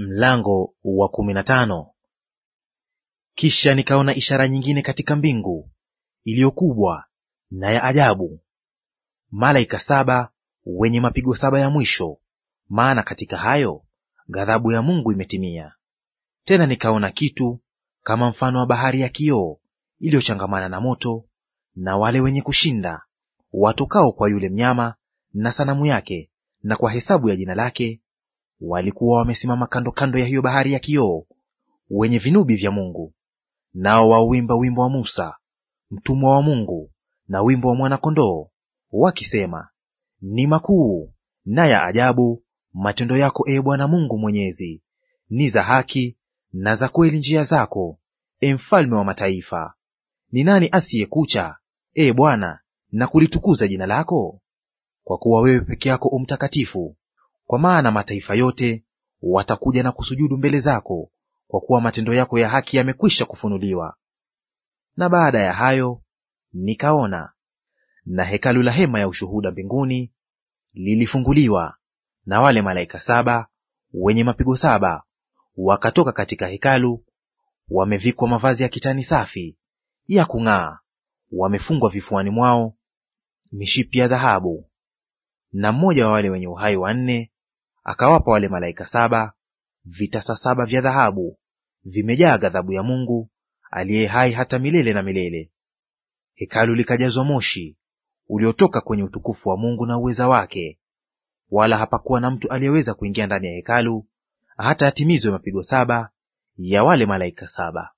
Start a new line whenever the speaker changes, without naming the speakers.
Mlango wa kumi na tano. Kisha nikaona ishara nyingine katika mbingu iliyokubwa na ya ajabu, malaika saba wenye mapigo saba ya mwisho, maana katika hayo ghadhabu ya Mungu imetimia. Tena nikaona kitu kama mfano wa bahari ya kioo iliyochangamana na moto, na wale wenye kushinda watokao kwa yule mnyama na sanamu yake na kwa hesabu ya jina lake walikuwa wamesimama kando kando ya hiyo bahari ya kioo, wenye vinubi vya Mungu, nao wauimba wimbo wa Musa mtumwa wa Mungu na wimbo wa mwana-kondoo, wakisema, ni makuu na ya ajabu matendo yako, e Bwana Mungu Mwenyezi; ni za haki na za kweli njia zako, e mfalme wa mataifa. Ni nani asiyekucha, e Bwana, na kulitukuza jina lako? Kwa kuwa wewe peke yako umtakatifu, kwa maana mataifa yote watakuja na kusujudu mbele zako, kwa kuwa matendo yako ya haki yamekwisha kufunuliwa. Na baada ya hayo nikaona, na hekalu la hema ya ushuhuda mbinguni lilifunguliwa, na wale malaika saba wenye mapigo saba wakatoka katika hekalu, wamevikwa mavazi ya kitani safi ya kung'aa, wamefungwa vifuani mwao mishipi ya dhahabu. Na mmoja wa wale wenye uhai wanne akawapa wale malaika saba vitasa saba vya dhahabu vimejaa ghadhabu ya Mungu aliye hai hata milele na milele. Hekalu likajazwa moshi uliotoka kwenye utukufu wa Mungu na uweza wake, wala hapakuwa na mtu aliyeweza kuingia ndani ya hekalu hata yatimizwe mapigo saba ya wale malaika saba.